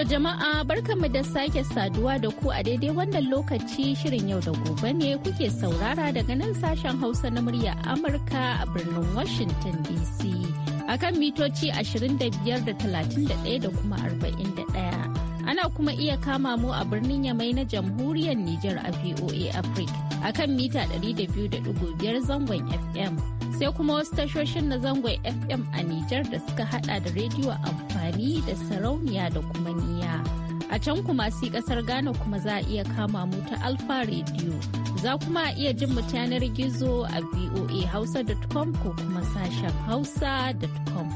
To jama'a barkanmu da sake saduwa da ku a daidai wannan lokaci shirin yau da gobe ne kuke saurara daga nan sashen Hausa na murya Amurka a birnin Washington DC. Akan mitoci 25.31 da da kuma 41. Ana kuma iya kama mu a birnin Yamai na jamhuriyar Nijar a VOA Africa akan mita 200.5 zangon FM. Sai kuma wasu tashoshin na zangon FM a Nijar da suka hada da rediyo amfani. tunani da sarauniya da kuma niyya. A can kuma si kasar Ghana kuma za a iya kama mu ta Alfa Radio. Za kuma iya jin mu yanar gizo a voahausa.com ko kuma sashen hausa.com.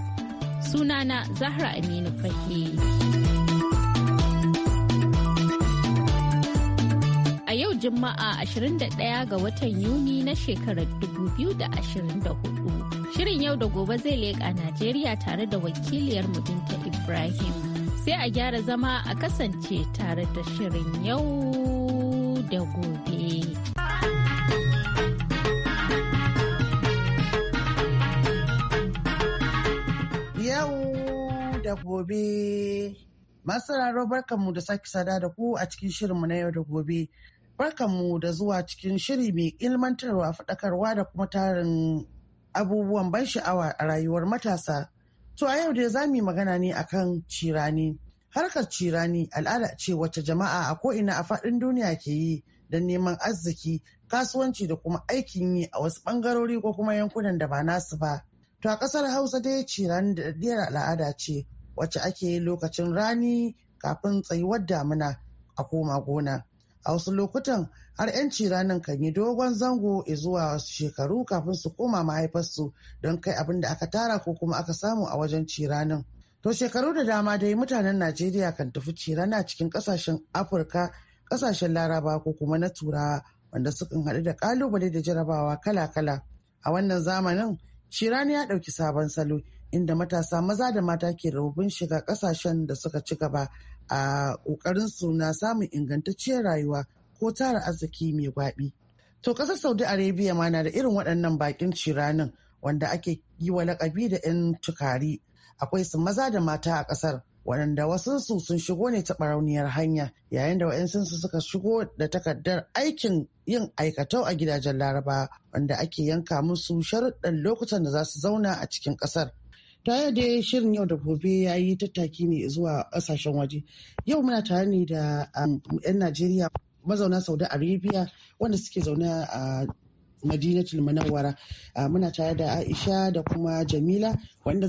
Sunana Zahra Aminu A yau Juma'a 21 ga watan Yuni na shekarar 2024. Shirin yau da gobe zai leƙa Najeriya tare da wakiliyar Binta Ibrahim. Sai a gyara zama a kasance tare da shirin yau da gobe. Yau da gobe. Masu raro barkanmu da sake sada da ku a cikin shirinmu na yau da gobe. Barkanmu da zuwa cikin shiri mai ilmantarwa faɗakarwa da kuma tarin abubuwan ban sha'awa a rayuwar matasa. To a yau dai za mu yi magana ne akan cirani. Harkar cirani al'ada ce wacce jama'a a ko'ina a faɗin duniya ke yi don neman arziki, kasuwanci da kuma aikin yi a wasu ɓangarori ko kuma yankunan da ba nasu ba. To a ƙasar Hausa dai cirani da daddiyar al'ada ce wacce ake yi lokacin rani kafin tsayuwar damina a koma gona. A wasu lokutan har 'yanci ranar kan yi dogon zango zuwa wasu shekaru kafin su koma mahaifarsu don kai abin da aka tara ko kuma aka samu a wajen ciranin. To shekaru da dama dai mutanen Najeriya kan tafi cirana cikin kasashen Afirka, kasashen Laraba ko kuma na Turawa wanda sukan haɗu da ƙalubale da jarabawa kala-kala. A wannan zamanin, cirani ya ɗauki sabon salo inda matasa maza da mata ke rubin shiga kasashen da suka ci gaba a ƙoƙarin su na samun ingantacciyar rayuwa ko tara arziki mai gwaɓi. To ƙasar Saudi Arabia ma na da irin waɗannan bakin ciranin wanda ake yi wa lakabi da 'yan tukari. Akwai su maza da mata a ƙasar waɗanda wasunsu sun shigo ne ta barauniyar hanya yayin da waɗansunsu suka shigo da takardar aikin yin aikatau a gidajen laraba wanda ake yanka musu sharuɗan lokutan da za su zauna a cikin ƙasar. tare da shirin yau da gobe ya yi tattaki ne zuwa ƙasashen waje yau muna tare ne da um, 'yan najeriya mazauna saudi arabia wanda suke zaune a madinatul manawara muna tare da aisha da kuma jamila wanda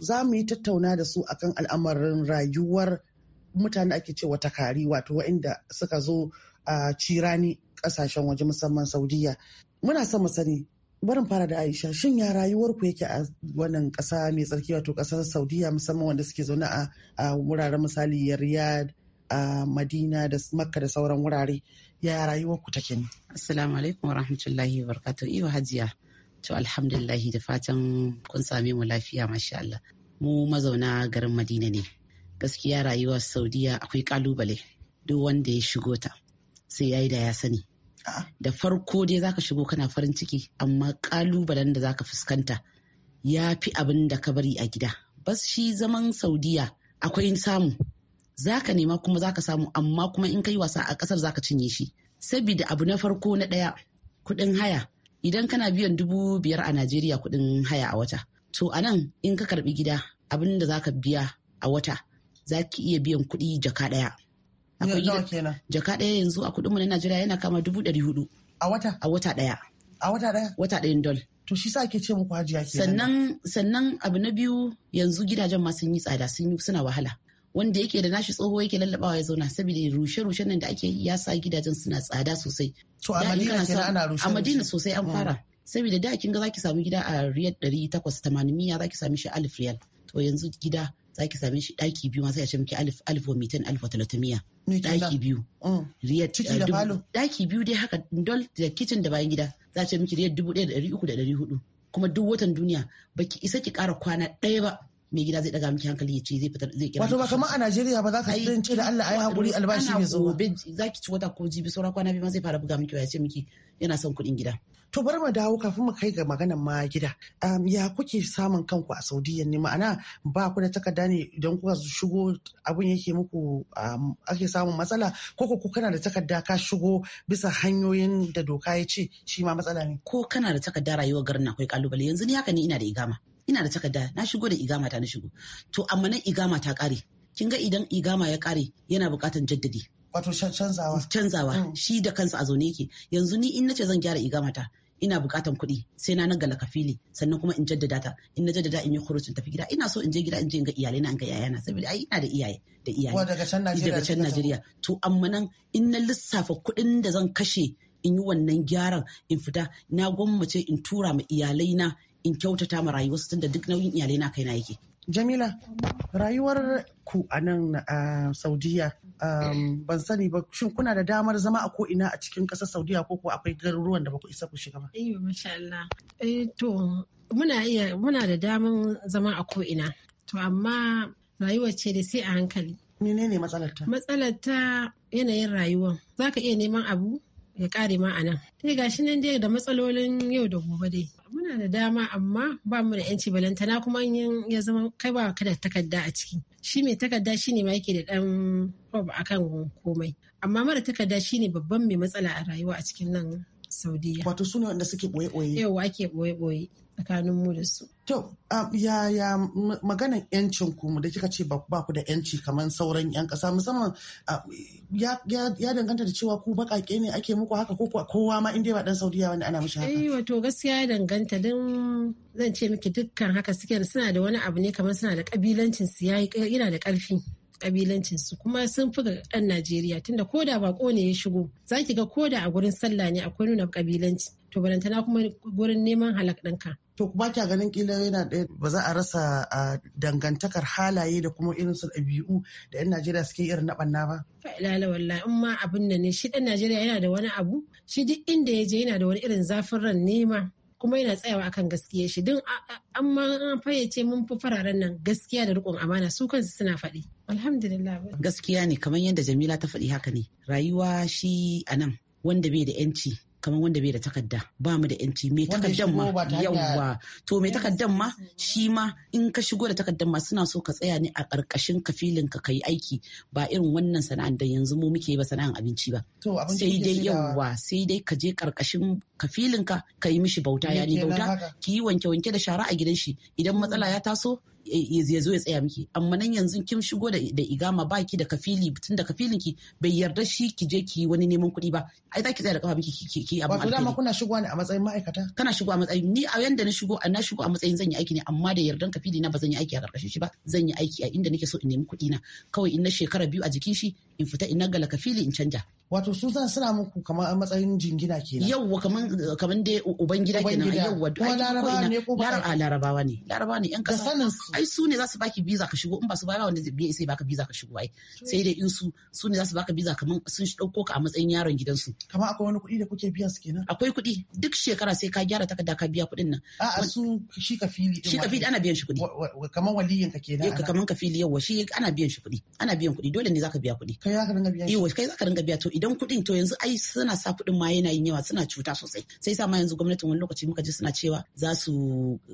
za mu yi tattauna da su akan al'amarin rayuwar mutane ake cewa takari wato wa'inda suka zo a cirani kasashen waje musamman saudiya muna son mu sani barin fara da aisha shin ya rayuwar ku yake a wannan kasa mai tsarki wato ƙasar saudiya musamman wanda suke zaune a wuraren misali riyad a madina da makka da sauran wurare ya rayuwar ku take ne assalamu alaikum wa rahmatullahi wa barakatuh iyo hajiya to alhamdulillahi da fatan kun same mu lafiya masha Allah mu mazauna garin madina ne gaskiya rayuwa saudiya akwai kalubale duk wanda ya shigo ta sai yayi da ya sani da farko dai zaka shigo kana farin ciki amma kalubalen da za ka fuskanta ya fi abin da ka bari a gida bas shi zaman saudiya akwai samu Za ka nema kuma za ka samu amma kuma in ka yi wasa a kasar ka cinye shi sabida abu na farko na ɗaya kuɗin haya idan kana biyan dubu biyar a najeriya kuɗin haya a wata to a nan in ka karbi gida abin da za ka biya a wata za ki iya biyan kuɗi jaka ɗaya jaka ɗaya yanzu a kuɗinmu na najeriya yana kama dubu ɗari hudu a wata a wata ɗaya a wata ɗaya wata ɗayan dol to shi sa ke ce muku hajiya ke sannan sannan abu na biyu yanzu gidajen ma sun yi tsada sun suna wahala wanda yake da nashi tsoho yake lallabawa ya zauna saboda rushe-rushen nan da ake ya sa gidajen suna tsada sosai. To a Madina kenan ana rushe. A Madina sosai an fara. Saboda da kin ga zaki samu gida a riyal ɗari takwas tamanin miya zaki sami shi alif riyal. To yanzu gida zaki sami shi ɗaki biyu ma sai a ce miki alif alif wa mitan alif wa talatin miya. Ɗaki biyu. Oh. Riyal ciki eh, da falo. Ɗaki biyu dai haka dol da kitchen da bayan gida za a ce miki riyal dubu ɗaya da ɗari uku da ɗari hudu. Kuma duk watan duniya baki isa ki ƙara kwana ɗaya ba mai gida zai daga miki hankali ya ce zai fitar zai kira wato ba kamar a Najeriya ba za ka ce ce da Allah ayi hakuri albashi mai zuwa gobe ki ci wata ko jibi saura kwana biyu ma zai fara buga miki ya ce miki yana son kuɗin gida to bari mu dawo kafin mu kai ga maganar ma gida ya kuke samun kanku a Saudiyya? ne ma'ana ba ku da takarda ne idan kuka shigo abun yake muku ake samun matsala ko ku kana da takarda ka shigo bisa hanyoyin da doka ya ce shi ma matsala ne ko kana da takarda rayuwar garin akwai kalubale yanzu ni haka ni ina da igama ina da takarda na shigo da igama ta na shigo to amma nan igama ta kare kin ga idan igama ya kare yana bukatan jaddadi wato canzawa canzawa mm. shi da kansa a zaune yake yanzu ni in nace zan gyara igama ta ina bukatan kuɗi sai na nagala kafili sannan kuma in jaddada ta in na jaddada in yi kurucin tafi gida ina so in je gida in je ga iyalai na in ga yayana saboda ai ina da iyaye da iyaye daga can Najeriya daga can Najeriya to amma nan in na lissafa kuɗin da zan kashe in yi wannan gyaran in fita na gwammace in tura ma iyalai na in kyautata ma rayuwarsu tunda duk nauyin iyalai na kaina yake Jamila, rayuwar ku a nan a Saudiya um, ban sani ba shin kuna da damar zama a ko ina a cikin ƙasar Saudiya ko kuwa akwai garuruwan da ba ku isa ku shiga ba? Eh, masha Allah. Eh, to muna da damar zama a ko ina. To amma rayuwar ce da sai a hankali. Menene matsalar ta? Matsalar ta yanayin za ka iya neman abu ya kare ma a nan. Dai gashi nan dai da matsalolin yau da gobe dai. muna da dama amma ba mu da yanci balantana kuma ya zama kai ba ka da takarda a ciki shi mai takarda ne ma yake da dan a akan komai amma mara takarda ne babban mai matsala a rayuwa a cikin nan saudiya wato suna wanda suke boye boye yawa ake boye boye tsakanin mu da su. To, yaya um, maganan yancin ku da kika ce ba ku da yanci kamar sauran yan kasa musamman um, ya danganta da cewa ku bakake ne ake muku haka ko kowa ma inda ba dan Saudiya wani ana mishi haka. Eh wato gaskiya ya danganta don zan ce miki dukkan haka suke suna da wani abu ne kamar suna da kabilancin su yayi yana da karfi. kabilancinsu kuma sun fi ga ɗan Najeriya tunda koda bako ne ya shigo zaki ga koda a gurin sallah ne akwai nuna kabilanci to balantana kuma gurin neman halak ɗinka. To ba kya ganin kila yana ɗaya ba za a rasa dangantakar halaye da kuma irin su ɗabi'u da 'yan Najeriya suke irin na ɓanna ba? Fa'ilala wallahi in ma abin nan ne shi ɗan Najeriya yana da wani abu shi duk inda ya je yana da wani irin zafin ran nema kuma yana tsayawa akan gaskiya shi din amma an fayyace mun fi fararen nan gaskiya da rikon amana su kansu suna faɗi alhamdulillah gaskiya ne kamar yadda jamila ta faɗi haka ne rayuwa shi a nan wanda bai da yanci kamar wanda bai da takarda ba mu da yanci mai takardan ma yawwa to mai takaddan ma shi ma in ka shigo da takardan ma suna so ka tsaya ne a karkashin kafilin ka kai aiki ba irin wannan sana'an da yanzu mu muke ba sana'an abinci ba sai dai yawwa sai dai ka je karkashin kafilin ka ka yi mishi bauta ya ni bauta ki yi wanke wanke da shara a gidan shi idan matsala ya taso ya zo ya tsaya miki amma nan yanzu kin shigo da igama ba ki da kafili tun da kafilin ki bai yarda shi ki je ki wani neman kuɗi ba ai za ki tsaya da kafa miki ki ki abin alheri wato kuna shigo ne a matsayin ma'aikata kana shigo a matsayin ni a yanda na shigo na shigo a matsayin zan yi aiki ne amma da yardan kafili na ba zan yi aiki a karkashin shi ba zan yi aiki a inda nake so in nemi kuɗi na kawai in na shekara biyu a jikin shi in fita in nagala kafili in canja wato su zan suna muku kamar a matsayin jingina kenan Yau kaman kaman dai ubangida kenan yawwa kuma larabawa ne ko ba larabawa ne larabawa ne yan kasa sanin su ai su ne za su baki biza ka shigo in ba su ba wanda zai sai baka biza ka shigo ai sai dai in su su ne za su baka biza kaman sun dauko ka a matsayin yaron gidansu kamar akwai wani kuɗi da kuke biya su kenan akwai kuɗi duk shekara sai ka gyara takarda ka biya kuɗin nan a'a su shi ka fili. shi ka fili ana biyan shi kuɗi kaman waliyin ka kenan ka fili yau shi ana biyan shi kuɗi ana biyan kuɗi dole ne zaka biya kuɗi kai ka ringa biya kai ka ringa biya to idan kuɗin to yanzu ai suna sa kuɗin ma yana yin yawa suna cuta sosai sai sa ma yanzu gwamnatin wani lokaci muka ji suna cewa za su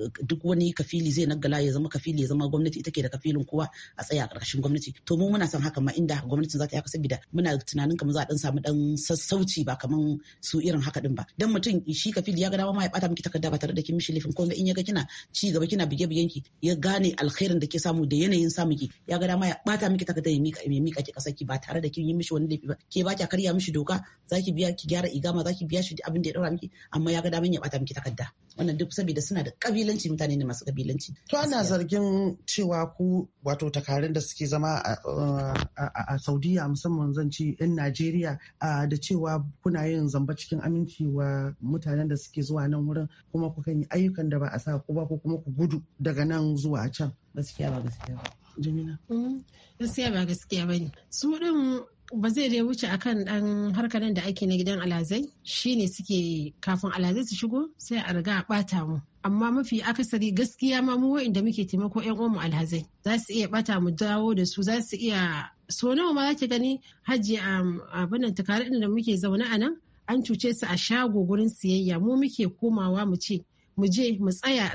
eh, duk wani kafili zai nagala ya zama kafili ya zama gwamnati ita ke da kafilin kowa a tsaya a ƙarƙashin gwamnati to mu muna son haka ma inda gwamnatin za ta yaka saboda muna tunanin kamar za a ɗan samu ɗan sassauci ba kamar su irin haka din ba dan mutum shi kafili ya ga dama ma ya ɓata miki takarda ba tare da kin mishi laifin ko in ya ga kina ci gaba kina bige bigen ki ya gane alkhairin da ke samu da yanayin samu ki ya ga dama ya ɓata miki takarda ya mika ki kasar ki ba tare da kin yi mishi wani laifi ba ke ba ki karya mishi doka zaki biya ki gyara igama zaki biya shi abin da ya daura miki amma ya ga daman ya bata miki takarda wannan duk saboda suna da kabilanci mutane ne masu kabilanci to ana zargin cewa ku wato takarun da suke zama a Saudiya musamman zan ci yan Najeriya da cewa kuna yin zamba cikin aminci wa mutanen da suke zuwa nan wurin kuma kan yi ayyukan da ba a sa ku ba ko kuma ku gudu daga nan zuwa can gaskiya ba gaskiya ba Jamila. Mm, gaskiya ba gaskiya ba ne. Su ɗin ba zai dai wuce akan dan harkar da ake na gidan alazai ne suke kafin alazai su shigo sai a riga a bata mu amma mafi akasari gaskiya ma mu wa'inda muke taimako yan mu alhazai za su iya bata mu dawo da su za su iya so nawa ma zaki gani hajji a banan ɗin da muke zaune a nan an cuce su a shago gurin siyayya mu muke komawa mu ce mu je mu tsaya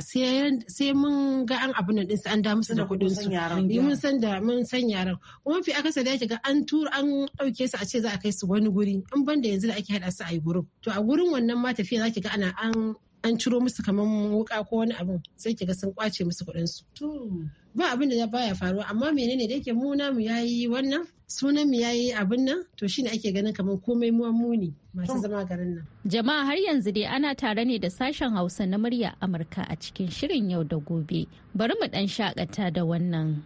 sai mun ga an abin nan ɗinsu an da musu da kuɗin su eh, mun san da mun san yaran kuma fi akasa da ga an tura an ɗauke su a ce za a kai su wani guri in banda yanzu da ake haɗa su a yi gurin to a gurin wannan ma tafiya za ki ga ana an an ciro musu kamar wuka ko wani abin sai kiga sun kwace musu kuɗin su ba abin da baya faruwa amma menene da yake mu yayi wannan sunan mu yayi abin nan to shine ake ganin kamar komai mu muni masu zama garin nan jama'a har yanzu dai ana tare ne da sashen Hausa na murya Amurka a cikin shirin yau da gobe bari mu dan shakata da wannan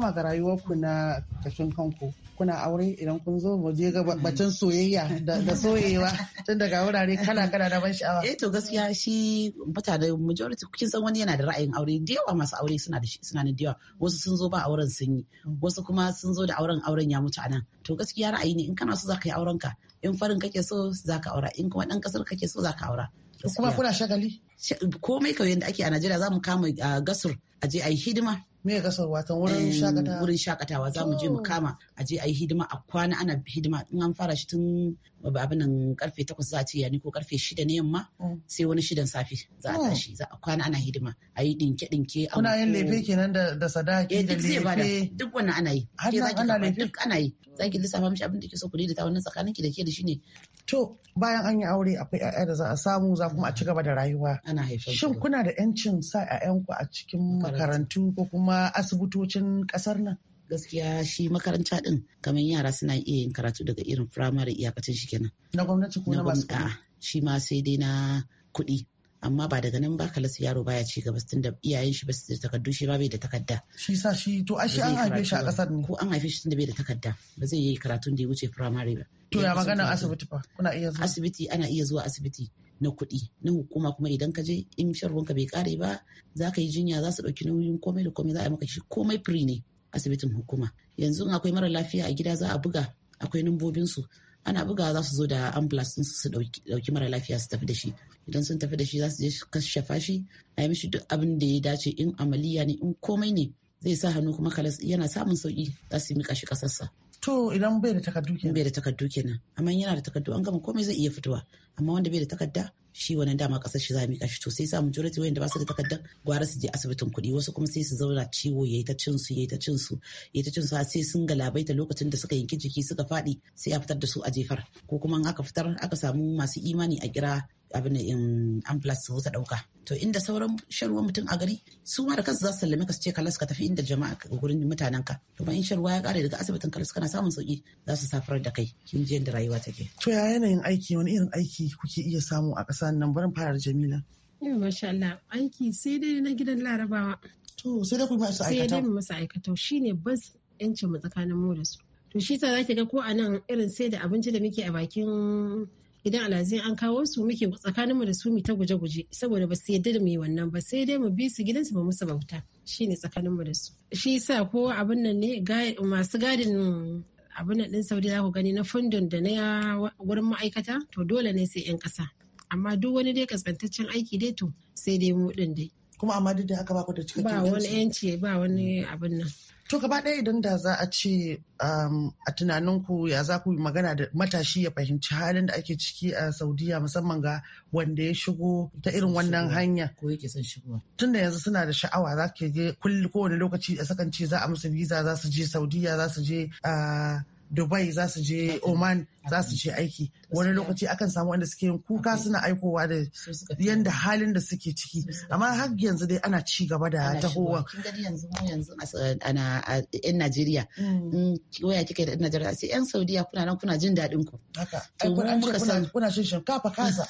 koma ga rayuwarku na kashin kanku kuna aure idan kun zo mu je ga bacin soyayya da soyewa tun daga wurare kala kala da ban sha'awa eh to gaskiya shi mutane majority kin san wani yana da ra'ayin aure da yawa masu aure suna da suna da yawa wasu sun zo ba auren sun yi mm. wasu kuma sun zo da auren auren ya mutu anan to gaskiya ra'ayi ne in kana so zaka yi auren ka in farin kake so zaka aura in kuma dan kasar kake so zaka aura kuma kuna shagali komai kawai yadda ake a Najeriya za mu kama ah, gasur a je a yi hidima me kasar watan wurin eh, shakatawa wurin shakatawa za mu je mu kama a je a yi hidima a kwana ana hidima in an fara shi tun abinan karfe takwas za a ce yani ko karfe shida ne yamma mm. sai wani shidan safe za a oh. tashi za a kwana ana hidima a yi dinke dinke kuna yin lefe kenan da da sadaki eh, da lefe duk wannan ana yi ke zaki ana lefe duk ana yi zaki lissafa mishi abin da ke so ku daidaita wannan tsakanin ki da ke da shi ne to bayan an yi aure akwai 'ya'ya da za a samu za kuma a ci gaba da rayuwa ana haifar shin kuna da 'yancin sa ku a cikin makarantu ko kuma asibitocin kasar nan gaskiya shi makaranta din kamar yara suna iya yin karatu daga irin firamare iyakacin shi kenan na gwamnati ko na masu shi ma sai dai na kuɗi amma ba daga nan ba kalas yaro baya ci gaba tun da iyayen shi ba su da takardu shi ba bai da takarda shi sa shi to a shi an haife shi a kasar ne ko an haife shi tun da bai da takarda ba zai yi karatun da ya wuce firamare ba to ya magana asibiti fa kuna iya zuwa asibiti ana iya zuwa asibiti na kuɗi na hukuma kuma idan ka je in sharwanka bai kare ba za ka yi jinya za su ɗauki nauyin komai da komai za a yi maka shi komai free ne asibitin hukuma yanzu in akwai mara lafiya a gida za a buga akwai numbobinsu ana buga za su zo da ambulance su ɗauki mara lafiya su tafi da shi idan sun tafi da shi za su je kashe shi a yi mishi duk abin da ya dace in amaliya ne in komai ne zai sa hannu kuma kalas yana samun sauki za su yi mika shi kasarsa. To idan bai da takardu kenan. Bai da takardu kenan amma yana da takardu an gama komai zai iya fitowa amma wanda bai da takarda shi wannan dama kasar shi za mika shi to sai sa majority wayanda ba su da takarda gwara su je asibitin kuɗi wasu kuma sai su zauna ciwo yayi ta cin su yayi ta cin su yayi ta cin su sai sun galabaita lokacin da suka yanki jiki suka faɗi sai a fitar da su a jefar ko kuma in aka fitar aka samu masu imani a kira abin in an su ta dauka to inda sauran sharwa mutum a gari su ma da kansu za su sallame ka su ce kalas ka tafi inda jama'a ga gurin mutanen ka to ba in sharuwa ya kare daga asibitin kalas kana samun sauki za su safar da kai kin ji yadda rayuwa take to ya yanayin aiki wani irin aiki kuke iya samu a ƙasa nan barin fara jamila Masha Allah aiki sai dai na gidan larabawa. To sai dai kuma su aikatau. Sai dai mu sa aikatau shine bas yancin mu tsakanin mu da su. To shi sa zaki ga ko a nan irin sai da abinci da muke a bakin idan alhazai an kawo su muke tsakanin mu da su mu ta guje-guje saboda ba su yadda da mu yi wannan ba sai dai mu bi su gidansu ba musu bauta shine tsakanin mu da su shi yasa ko abin nan ne masu gadin abin nan din saudi zaku gani na fundin da na wurin ma'aikata to dole ne sai 'yan ƙasa amma duk wani dai kaskantaccen aiki dai to sai dai mu din dai kuma amma duk da aka ba ku da cikakken ba wani yanci ba wani abin nan To gaba ɗaya idan da za a ce um, a tunaninku ya za ku magana da matashi ya fahimci halin da ake ciki a Saudiya musamman ga wanda ya shigo ta irin wannan hanya. Ko yake son shigo. Tunda yanzu suna da sha'awa za ke je kowane lokaci a sakan ce za a musu visa za su je Saudiya za su je uh, dubai za su je oman za su je aiki wani lokaci akan samu wanda suke yin kuka suna aikowa da yanda halin da suke ciki amma har yanzu dai ana ci gaba da tahowa yanzu yanzu ana yan najeriya mm. waya kika da najeriya sai yan saudiya kuna nan kuna jin daɗin ku to mu muka san kuna shin shinkafa kasa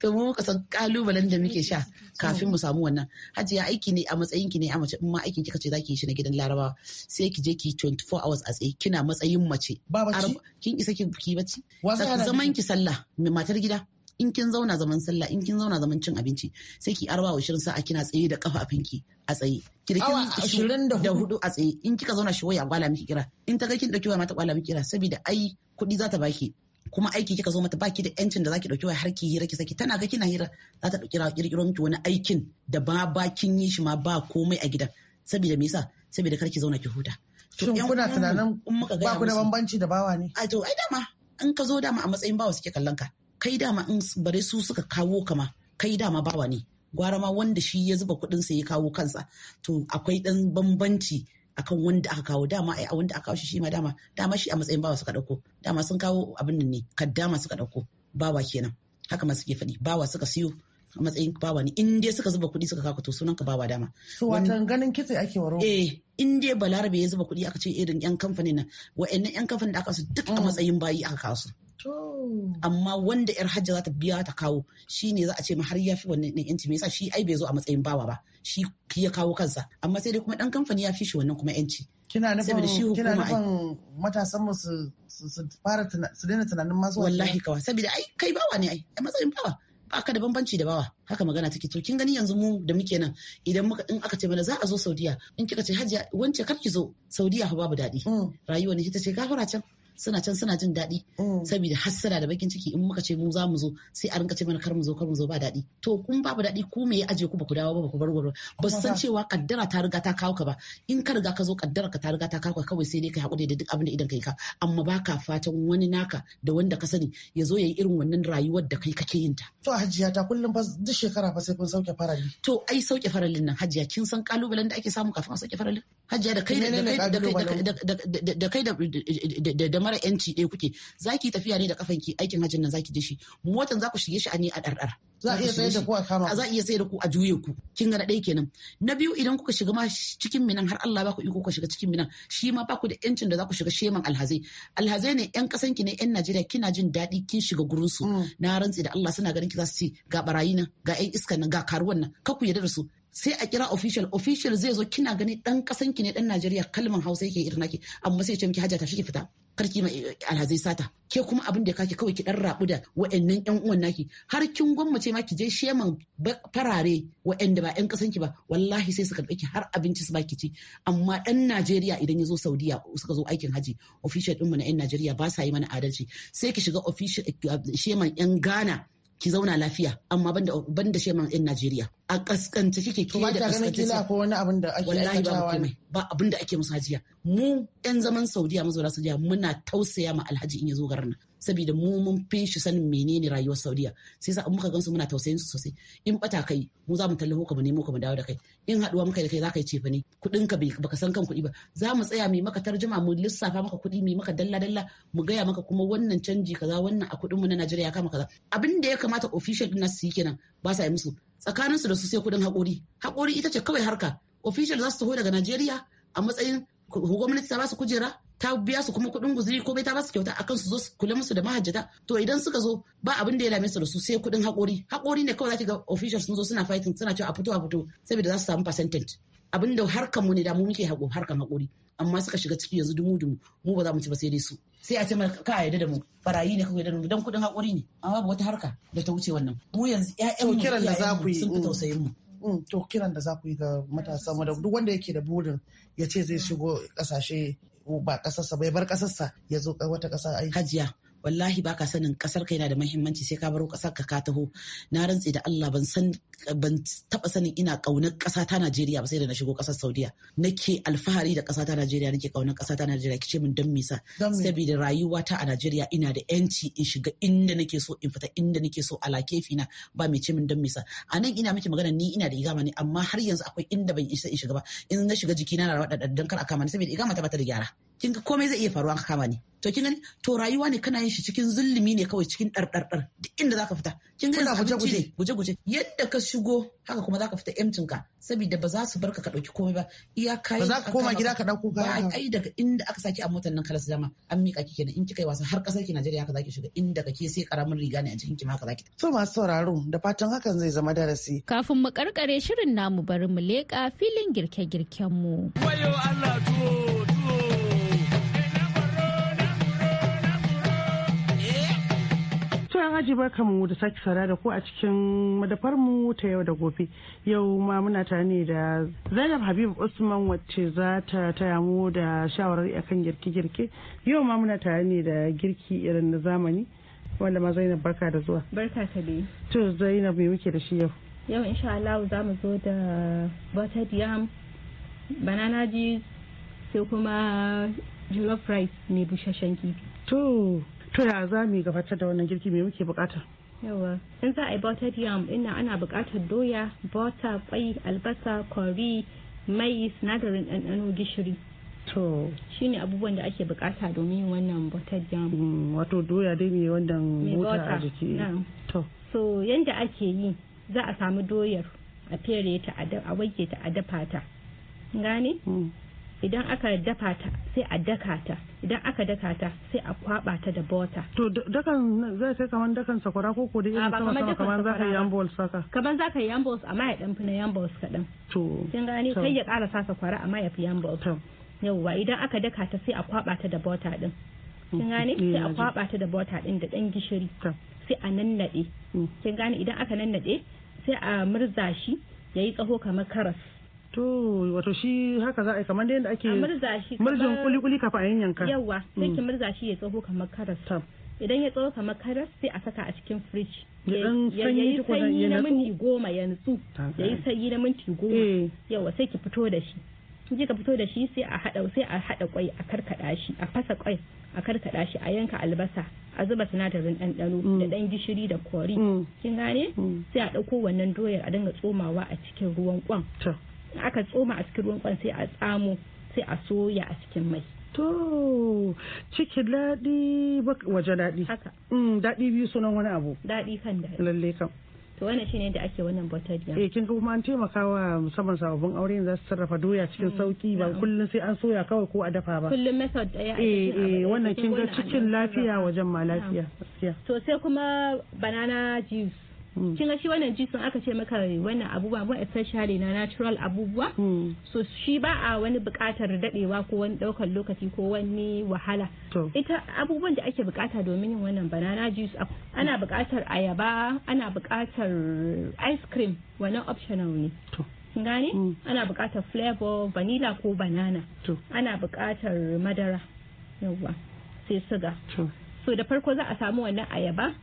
to mu muka san kalubalen da muke sha kafin mu samu wannan hajiya aiki ne a matsayin ki ne a mace in ma aikin kika ce zaki yi shi na gidan larabawa sai ki je ki 24 hours a tsaye kina matsayin matsayin mace ba kin isa ki ki bacci zaman ki sallah matar gida in kin zauna zaman sallah in kin zauna zaman cin abinci sai ki arba wa shirin sa'a kina tsaye da kafafinki a tsaye kirkin ashirin da hudu a tsaye in kika zauna shi waya gwala miki kira in ta ga kin dauki waya mata gwala miki kira saboda ai kuɗi za ta baki kuma aiki kika zo mata baki da yancin da zaki dauki waya har ki hira ki saki tana ga kina hira za ta dauki kirkiro miki wani aikin da ba ba kin yi shi ma ba komai a gidan saboda me yasa saboda kar ki zauna ki huta Shin kuna tunanin ba bambanci da bawa ne? A to ai in ka zo dama a matsayin bawa suke kallon ka. Kai dama in bare su suka kawo kama kai dama bawa ne. Gwara ma wanda shi ya zuba kuɗin sa ya kawo kansa. To akwai ɗan bambanci akan wanda aka kawo dama ai wanda aka kawo shi shi ma dama dama shi a matsayin bawa suka ɗauko. Dama sun kawo abin nan ne kaddama suka ɗauko bawa kenan. Haka ma suke faɗi bawa suka siyo a matsayin bawa ne in dai suka zuba kuɗi suka kaka to sunan ka bawa dama su watan ganin kitse ake waro eh in dai balarabe ya zuba kuɗi aka ce irin yan kamfanin nan wa'annan yan kamfanin da aka su duk a mm. matsayin bayi aka kasu amma wanda yar hajja za ta biya ta kawo shi ne za a ce ma har ya fi wannan yanci me yasa shi ai bai zo a matsayin bawa ba shi ya kawo kansa amma sai dai kuma ɗan kamfani ya fi shi wannan kuma yanci kina nufin kina nufin matasan mu su fara su daina tunanin masu wallahi kawa saboda ai kai bawa ne ai a matsayin bawa baka da bambanci da bawa haka magana take to kin gani yanzu mu da muke nan idan muka in aka ce mana za a zo Saudiya in kika ce hajiya wance kar ki zo Saudiya fa babu daɗi mm. rayuwa ne ita ce gafara can suna can suna jin daɗi mm. saboda hassada da bakin ciki in muka ce mu za mu zo sai a rinka ce mana kar mu zo kar mu zo ba daɗi to kun babu daɗi ku me ya aje ku ba ku dawo ba ku bar gurin ba san cewa kaddara ta riga ta kawo ka ba in ka riga ka zo kaddara ka ta riga ta kawo ka kawai sai dai ka haƙuri da duk abin da idan kai ka amma baka fatan wani naka da wanda ka sani ya zo ya yi irin wannan rayuwar da kai kake yin ta to hajiya ta kullum fa duk shekara fa sai kun sauke farali to ai sauke faralin nan hajiya kin san kalubalen da ake samu kafin a sauke faralin hajiya da kai da kai da mara yanci ɗaya kuke zaki tafiya ne da kafan ki aikin hajjin nan zaki je shi motan za ku shige shi a ne a ɗarɗar za a iya sayar da ku a kama za a iya sayar da ku a juye ku kin ga ɗaya kenan na biyu idan kuka shiga ma cikin minan har Allah ba ku iko ku shiga cikin minan shi ma ba ku da yancin da za ku shiga sheman alhazai alhazai ne yan kasan ki ne yan Najeriya kina jin daɗi kin shiga gurin su mm. na rantsi da Allah suna ganin ki za su ce ga barayi nan ga yan iska nan ga karuwan nan ka ku yarda da su sai a kira official official zai zo kina gani dan kasan ki ne dan Najeriya kalman Hausa yake irin naki amma sai ya ce miki hajjata shi ki fita karki ma eh, alhazai sata ke kuma abin da kake kawai ki dan rabu da wa'annan yan uwan naki har kin gwammace ma ki je sheman farare wa'anda ba yan kasan ki ba wallahi sai su karbe ki har abinci su baki ci amma dan Najeriya idan ya zo Saudiya suka zo aikin haji official din mu na yan Najeriya ba sa yi mana adalci sai ki shiga official eh, sheman yan Ghana ki zauna lafiya amma banda banda sheman in Najeriya a kaskanta kike ki da kaskanta ko wani abin da ake aikatawa ne ba abin da ake musajiya mu yan zaman Saudiya mazaura Saudiya muna tausaya ma Alhaji in ya zo garin saboda mu mun fi shi sanin menene rayuwar Saudiya sai sa muka gansu muna tausayin su sosai in bata kai mu za mu tallafo ka mu nemo ka mu dawo da kai in haduwa muka da kai za ka yi cefa ne kudin ka baka san kan kuɗi ba za mu tsaya mai maka tarjuma mu lissafa maka kuɗi mai maka dalla dalla mu gaya maka kuma wannan canji kaza wannan a kuɗin mu na Najeriya ya kama kaza abin da ya kamata official din nasu yi kenan ba sa yi musu tsakaninsu da su sai kudin hakori. Hakori ita ce kawai harka official za su taho daga Najeriya a matsayin gwamnati ta ba su kujera ta biya su kuma kuɗin guzuri ko bai ta basu kyauta akan su zo su kula musu da mahajjata to idan suka zo ba abin da ya dame su da su sai kuɗin haƙori haƙori ne kawai ki ga officials sun zo suna fighting suna cewa a fito a fito saboda za su samu percentage abin da harkan mu ne da mu muke harkan haƙori amma suka shiga ciki yanzu dumu dumu mu ba za mu ci ba sai dai su sai a ce mana ka yarda da mu barayi ne kawai da mu dan kuɗin haƙori ne amma ba wata harka da ta wuce wannan mu yanzu ƴaƴan mu kiran da za ku yi sun fi mm. tausayin mu mm, to kiran da za ku yi ga matasa mu da duk wanda yake da burin ya ce zai shigo kasashe ko ba kasarsa bai bar kasarsa ya zo wata kasa aiki hajiya wallahi baka sanin kasar ka yana da muhimmanci sai ka baro kasar ka ka taho na rantse da Allah ban san ban taba sanin ina kaunar kasa ta Najeriya ba sai da na shigo kasar Saudiya nake alfahari da kasa ta Najeriya nake kaunar kasa ta Najeriya kice min dan misa saboda rayuwa ta a Najeriya ina da yanci in shiga inda nake so in fita inda nake so ala kefi na ba mai ce min dan misa a nan ina miki magana ni ina da igama ne amma har yanzu akwai inda ban isa in shiga ba in na shiga jikina na rawa dan kar a kama ni saboda igama ta bata da gyara kin ga komai zai iya faruwa ka kama ne to kin gani to rayuwa ne kana yin shi cikin zulumi ne kawai cikin ɗarɗarɗar duk inda zaka fita kin ga guje guje guje guje yadda ka shigo haka kuma zaka fita emtin ka saboda ba za su barka ka dauki komai ba iya kai ba za ka koma gida ka dauko kaya ba ai daga inda aka saki a motar nan kalas dama an mika kike na in kika yi wasa har kasar ki Najeriya haka zaki shiga inda kake sai karamin riga ne a cikin ki ma haka zaki to masu sauraro da fatan hakan zai zama darasi kafin mu karkare shirin namu bari mu leka filin girke-girken mu wayo Allah tuwo maji barkamu da sake sara da ku a cikin madafarmu ta yau da gobe. Yau ma muna tare ne da Zainab Habib Usman wacce za ta taya mu da shawarar akan girke-girke. Yau ma muna tare ne da girki irin na zamani. Wanda ma Zainab barka da zuwa. Barka ta dai. To Zainab me muke da shi yau? Yau insha Allah za mu zo da buttered yam, banana juice, sai kuma jollof rice mai busasshen kifi. To to ya za mu gabatar da wannan girki mai muke bukata yawa in za a yi buttered yam ina ana bukatar doya butter kwai albasa kori mai sinadarin ɗanɗano gishiri to ne abubuwan da ake bukata domin yin wannan buttered yam mm, wato doya dai mai wannan mota a jiki to so yanda ake yi za a samu doyar a fere ta a wanke ta a dafa ta gane mm. idan aka dafa ta sai a daka ta idan aka daka ta sai a kwaba ta da bota to dakan zai sai kaman dakan sakwara ko ko da irin sama sama kaman zaka yi yambols saka kaman zaka yi yambols amma ya dan fina na kadan to kin gani kai ya kara sa sakwara amma ya fi yambols yauwa idan aka daka ta sai a kwaba ta da bota din kin mm, gani eh, sai a kwaba ta da bota din da dan gishiri sai a nannade mm. kin gani idan aka nannade sai a murza shi yayi tsaho kamar karas to wato shi haka za a yi kamar da yadda ake murjin kuli-kuli kafa a yanyanka yawa sai ki mm. murza shi ya tsoho kamar karas idan ya tsoho kamar karas sai a saka a cikin fridge ya yi sanyi na minti goma ya nutsu ya yi sanyi eh. na minti goma yawa sai ki fito da shi in ka fito da shi sai a hada sai a hada kwai a karkada shi a fasa kwai a karkada shi a yanka albasa a zuba sinadarin ɗanɗano mm. da ɗan gishiri da kori mm. kin gane sai a ɗauko wannan doyar a dinga tsomawa a cikin ruwan kwan aka tsoma a cikin ruwan kwan sai a tsamo sai a soya a cikin mai to ciki daɗi waje daɗi haka mm, daɗi biyu sunan wani abu daɗi kan daɗi lalle kan to wannan shine da ake wannan butter jam eh kin ga kuma an taimaka wa musamman sababbin aure za su sarrafa doya cikin mm, sauki ba kullum sai an soya kawai ko a dafa ba kullum method daya eh eh wannan kin ga cikin lafiya wajen ma lafiya to sai kuma banana juice Mm. kin ga shi wannan sun aka ce maka wannan abubuwa ba essentially na natural abubuwa mm. so shi ba a wani buƙatar dadewa ko wani daukar lokaci ko wani wahala ita abubuwan da ake bukata domin yin wannan banana juice ana buƙatar ayaba ana buƙatar ice cream wannan optional ne gane mm. ana buƙatar flavor vanilla ko banana ana buƙatar madara yawa sai suga so da farko za a samu wannan ayaba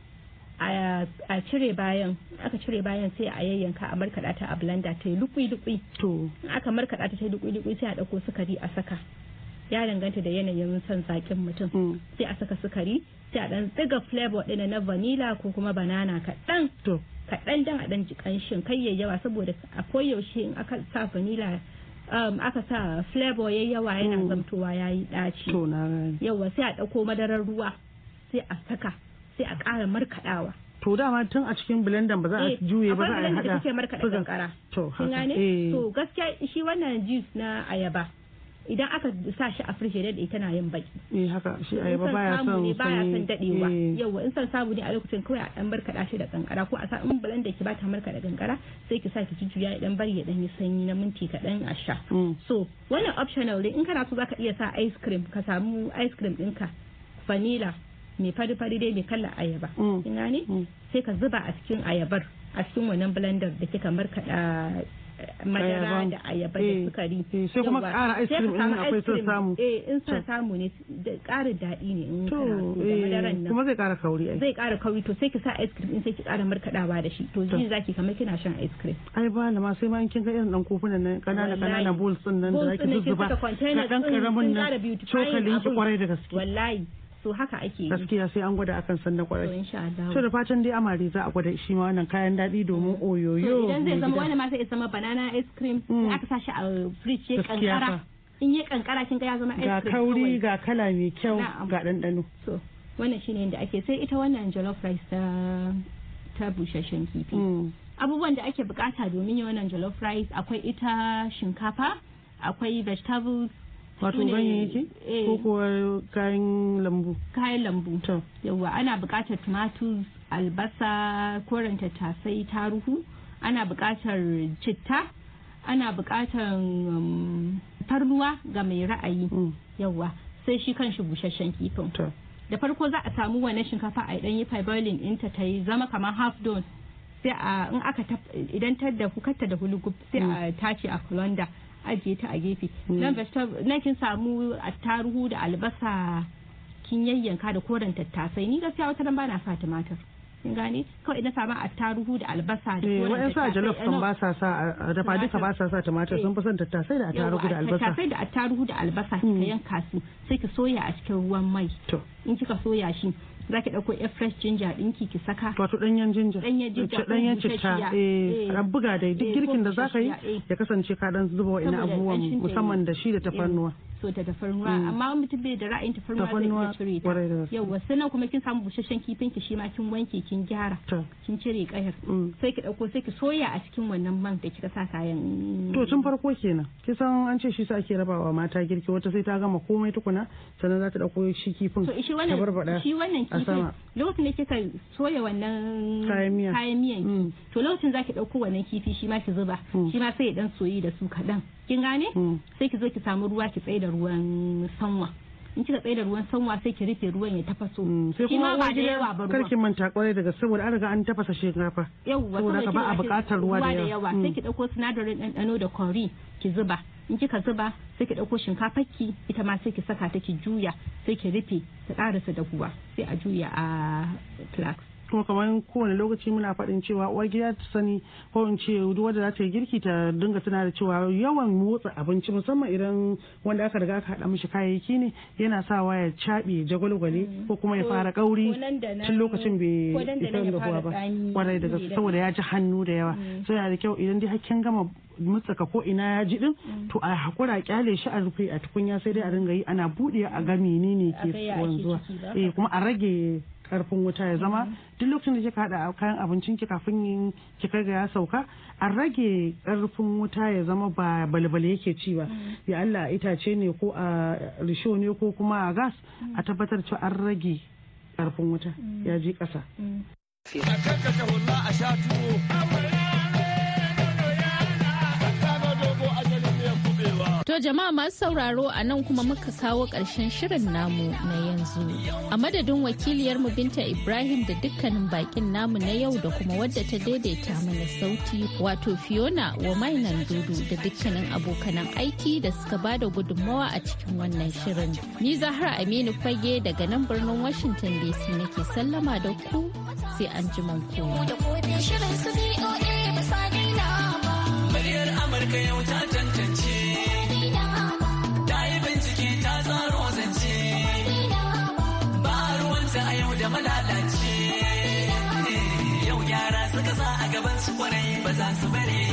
a cire bayan aka cire bayan sai a yayyanka a markaɗa ta a blender ta yi lukui-lukui to aka markaɗa ta ta yi lukui-lukui sai a ɗauko sukari a saka ya danganta da yanayin son zaƙin mutum mm. sai a saka sukari sai a ɗan tsiga flavor ɗina na vanilla ko kuma banana kaɗan kaɗan dan a ɗan ji ƙanshin kai ya yawa saboda a koyaushe in aka sa vanilla um, aka sa flavor yayi yawa yana mm. zamtowa yayi ɗaci yawa sai a ɗauko madarar ruwa sai a saka sai a ƙara markaɗawa to dama tun a cikin blender ba za a eh, juye ba za a haɗa su markaɗa kankara to haka eh. to gaskiya shi wannan juice na ayaba idan aka sa shi a frigidaire ita na yin baki eh haka shi ayaba baya son baya eh. son dadewa yawwa in san sabu ne a lokacin kawai a ɗan markaɗa shi da kankara ko a sa in blender ki bata markaɗa kankara sai ki sa ki jujjuya dan bari ya dan yi sanyi na minti kaɗan a sha mm. so wannan optional ne in kana so zaka iya sa ice cream ka samu ice cream ɗinka vanilla mai fari-fari dai mai kala ayaba mm. kin gane mm. sai ka zuba a cikin ayabar a cikin wannan blender da kika markada eh, madara da ayaba da eh. sukari eh, sai kuma kara ice cream in akwai son samu eh in son samu ne kara daɗi ne in madaran nan kuma zai kara kauri zai kara kauri to sai ki sa ice cream in sai ki kara markadawa da shi to ji zaki kamar kina shan ice cream ai ba na ma sai ma kin ga irin dan kofunan nan kanana kanana bowls din nan da zaki zuzzuba ka dan karamin nan cokali ki kwarai da gaske wallahi so haka ake yi gaskiya sai an gwada akan san na kwarai to da fatan dai amare za a gwada shi ma wannan kayan dadi domin mm. oyoyo idan zai zama wani ma sai ya zama banana ice cream mm. aka sa shi a fridge ya kankara in ya kankara kin ga ya zama ice cream ga kauri ga kala mai kyau ga dandano. so wannan shine inda ake sai ita wannan jollof rice ta ta busasshen kifi mm. abubuwan da ake bukata domin yin wannan jollof rice akwai ita shinkafa akwai vegetables wato ganyayyaki ko eh. kuwa kayan lambu kayan lambu to yawa ana buƙatar tumatur albasa koren tattasai taruhu ana buƙatar citta ana buƙatar um, tarnuwa ga mai ra'ayi mm. yawa sai shi kan shi busasshen kifin da farko za a samu wani shinkafa a ɗanyi fibroiling ɗinta ta yi zama kamar half done sai a in aka idan ta da hukatta da hulugub sai a mm. tace a colander ajiye ta a gefe mm. nan kin samu attaruhu da albasa kin yayyanka da koren tattasai ni gaskiya wata nan ba na sa tumatir kin gane kawai na samu attaruhu da albasa da eh, koren tattasai sa jalof kan ba sa sa dafa duka ba sa sa tumatir sun fi son tattasai da attaruhu da albasa tattasai da attaruhu da albasa kika mm. yanka su sai ki soya a cikin ruwan mai in kika soya shi za ki ɗauko yar fresh ginger ɗinki ki saka. Wato ɗanyen ginger. Ɗanyen ginger. Ɗanyen citta. Eh. eh, buga dai duk eh, girkin da za ka yi eh. ya kasance ka ɗan zuba wa'ina abubuwan musamman da shi da tafarnuwa. So ta tafarnuwa mm. amma mutum bai da ra'ayin tafarnuwa zai iya cire ta. Yawwa sannan kuma kin samu busasshen kifin ki shi ma kin wanke kin gyara. Kin cire ƙayar. Mm. Sai ki ɗauko sai ki soya a cikin wannan man da kika sa kayan. To tun farko kenan. Kisan an ce shi sa ake rabawa mata girki wata sai ta gama komai tukuna sannan za ta ɗauko shi kifin. ta shi wannan shi wannan a sama lokacin da kika soya wannan kayan miyan mm. to lokacin zaki dauko wannan kifi shi ma ki zuba mm. shi ma sai ya dan soyi da su kadan kin gane mm. sai ki zo ki samu ruwa ki tsaye da ruwan sanwa in kika tsaye da ruwan sanwa sai ki rufe ruwan ya tafaso mm, shi ma ba da yawa ba ruwa karki manta kwarai daga saboda an riga an tafasa shinkafa yawa saboda ka ba a buƙatar ruwa da yawa sai ki dauko sinadarin ɗanɗano da kori ki zuba in kika zuba sai ki dauko ki ita ma sai ki saka ta ki juya sai ki rufe ta ƙarasa dahuwa sai a juya a flask kuma kamar kowane lokaci muna faɗin cewa uwar gida ta sani ko in ce wadda za ta yi girki ta dinga tana da cewa yawan motsa abinci musamman idan wanda aka riga aka haɗa mishi kayayyaki ne yana sawa ya caɓe jagwalgwale mm. ko kuma ya fara kauri tun lokacin bai fara gabuwa ba kwarai da gaske saboda ya ji hannu da yawa mm. so yana da kyau idan dai hakkin gama mutsaka ko ina ya ji din mm. to a hakura kyale shi a rufe a tukunya sai dai a ringa yi ana buɗe a ga menene ke wanzuwa eh kuma a rage karfin wuta ya zama mm-hmm. duk lokacin da kika hada kayan abincin ki kafin ki kai ga ya sauka a rage karfin wuta ya zama ba balbale yake ci ba mm-hmm. ya Allah itace ne ko a risho ne ko kuma a gas a mm-hmm. tabbatar cewa an rage karfin wuta ya ji kasa a sha tuwo To jama'a masu sauraro a nan kuma muka kawo ƙarshen shirin namu na yanzu. A madadin wakiliyarmu Binta Ibrahim da dukkanin bakin namu na yau da kuma wadda ta daidaita mana sauti wato Fiona wa mainan dudu da dukkanin abokanan aiki da suka ba da gudunmawa a cikin wannan shirin. Ni Zahra Aminu Fage daga nan birnin Washington DC nake sallama da ku sai an ji Muryar Amurka yau ta kwarai ba su